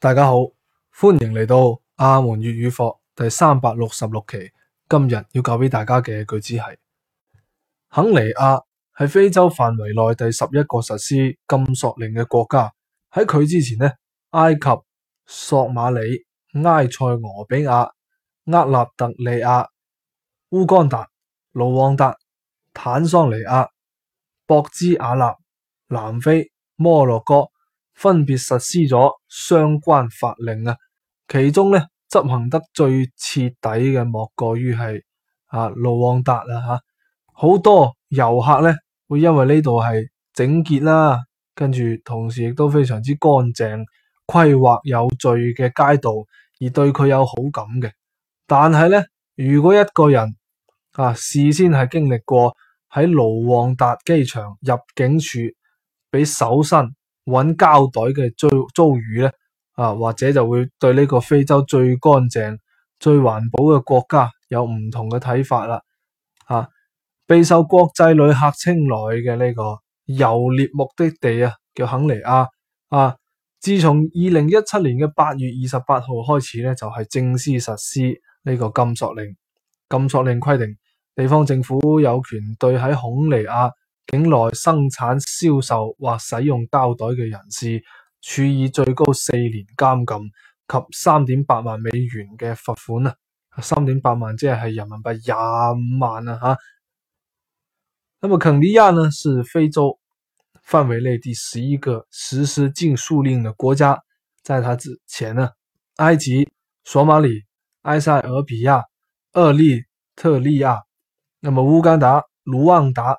大家好，歡迎嚟到阿門粵語課第三百六十六期。今日要教俾大家嘅句子係：肯尼亞係非洲範圍內第十一個實施禁塑令嘅國家。喺佢之前呢，埃及、索馬里、埃塞俄比亞、厄立特里亞、烏干達、盧旺達、坦桑尼亞、博茨瓦納、南非、摩洛哥，分別實施咗相關法令啊，其中咧執行得最徹底嘅，莫過於係啊盧旺達啦吓，好多遊客咧會因為呢度係整潔啦，跟住同時亦都非常之乾淨、規劃有序嘅街道，而對佢有好感嘅。但係咧，如果一個人啊事先係經歷過喺盧旺達機場入境處俾搜身。揾膠袋嘅遭遭遇咧，啊或者就會對呢個非洲最乾淨、最環保嘅國家有唔同嘅睇法啦。嚇、啊，備受國際旅客青睞嘅呢個遊獵目的地啊，叫肯尼亞啊。自從二零一七年嘅八月二十八號開始咧，就係、是、正式實施呢個禁塑令。禁塑令規定，地方政府有權對喺肯尼亞境內生產、銷售或使用膠袋嘅人士，處以最高四年監禁及三點八萬美元嘅罰款啊！三點八萬即係係人民幣廿五萬啊！吓，那麼肯尼亞呢，是非洲範圍內第十一個實施禁塑令嘅國家，在他之前呢，埃及、索馬里、埃塞俄比亞、厄立特里亞，那麼烏干達、盧旺達。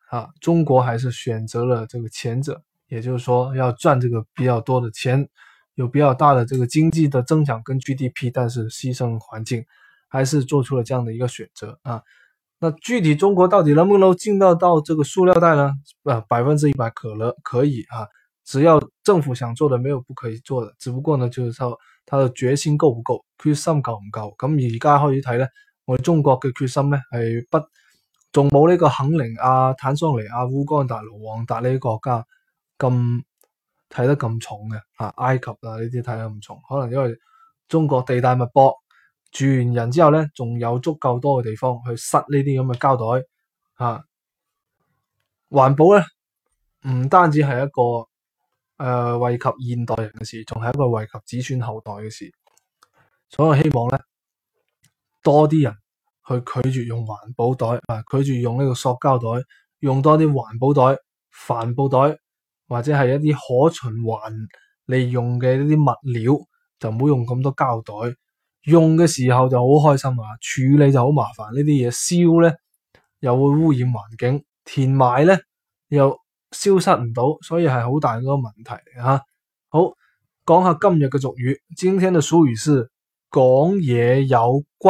啊，中國還是選擇了這個前者，也就是說要賺這個比較多的錢，有比較大的這個經濟的增長跟 GDP，但是犧牲環境，還是做出了這樣的一個選擇啊。那具體中國到底能不能進到到這個塑料袋呢？呃、啊，百分之一百可能可以啊，只要政府想做的沒有不可以做的，只不過呢就是說他的決心夠不夠，決心高不高。咁而家開一睇呢，我們中國嘅決心呢，係不。仲冇呢個肯尼亞、坦桑尼亞、烏干達、盧旺達呢啲國家咁睇得咁重嘅，啊，埃及啊呢啲睇得咁重，可能因為中國地大物博，住完人之後咧，仲有足夠多嘅地方去塞呢啲咁嘅膠袋。啊，環保咧唔單止係一個誒惠及現代人嘅事，仲係一個惠及子孫後代嘅事，所以我希望咧多啲人，去拒絕用環保袋，啊，拒絕用呢個塑膠袋，用多啲環保袋、帆布袋，或者係一啲可循環利用嘅呢啲物料，就唔好用咁多膠袋。用嘅時候就好開心啊，處理就好麻煩。燒呢啲嘢，燒咧又會污染環境，填埋咧又消失唔到，所以係好大嗰個問題吓。好，講下今日嘅俗語。今天嘅俗語是講嘢有骨。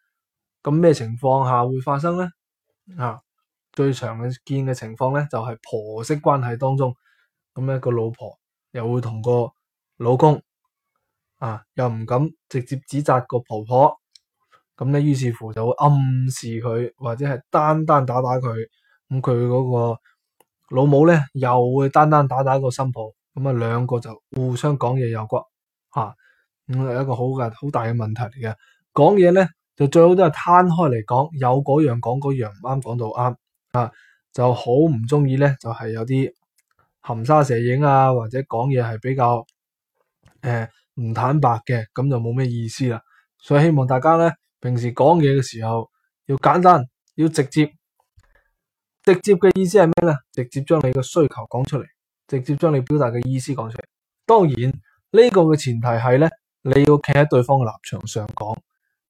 咁咩情況下會發生咧？啊，最常見嘅情況咧就係、是、婆媳關係當中，咁咧個老婆又會同個老公啊，又唔敢直接指責個婆婆，咁咧於是乎就會暗示佢，或者係單單打打佢，咁佢嗰個老母咧又會單單打打個新抱。咁啊兩個就互相講嘢有骨，啊，咁係一個好嘅好大嘅問題嚟嘅，講嘢咧。就最好都係攤開嚟講，有嗰樣講嗰樣講，唔啱講到啱啊，就好唔中意咧，就係、是、有啲含沙射影啊，或者講嘢係比較誒唔、欸、坦白嘅，咁就冇咩意思啦。所以希望大家咧，平時講嘢嘅時候要簡單，要直接，直接嘅意思係咩咧？直接將你嘅需求講出嚟，直接將你表達嘅意思講出嚟。當然呢、呢個嘅前提係咧，你要企喺對方嘅立場上講。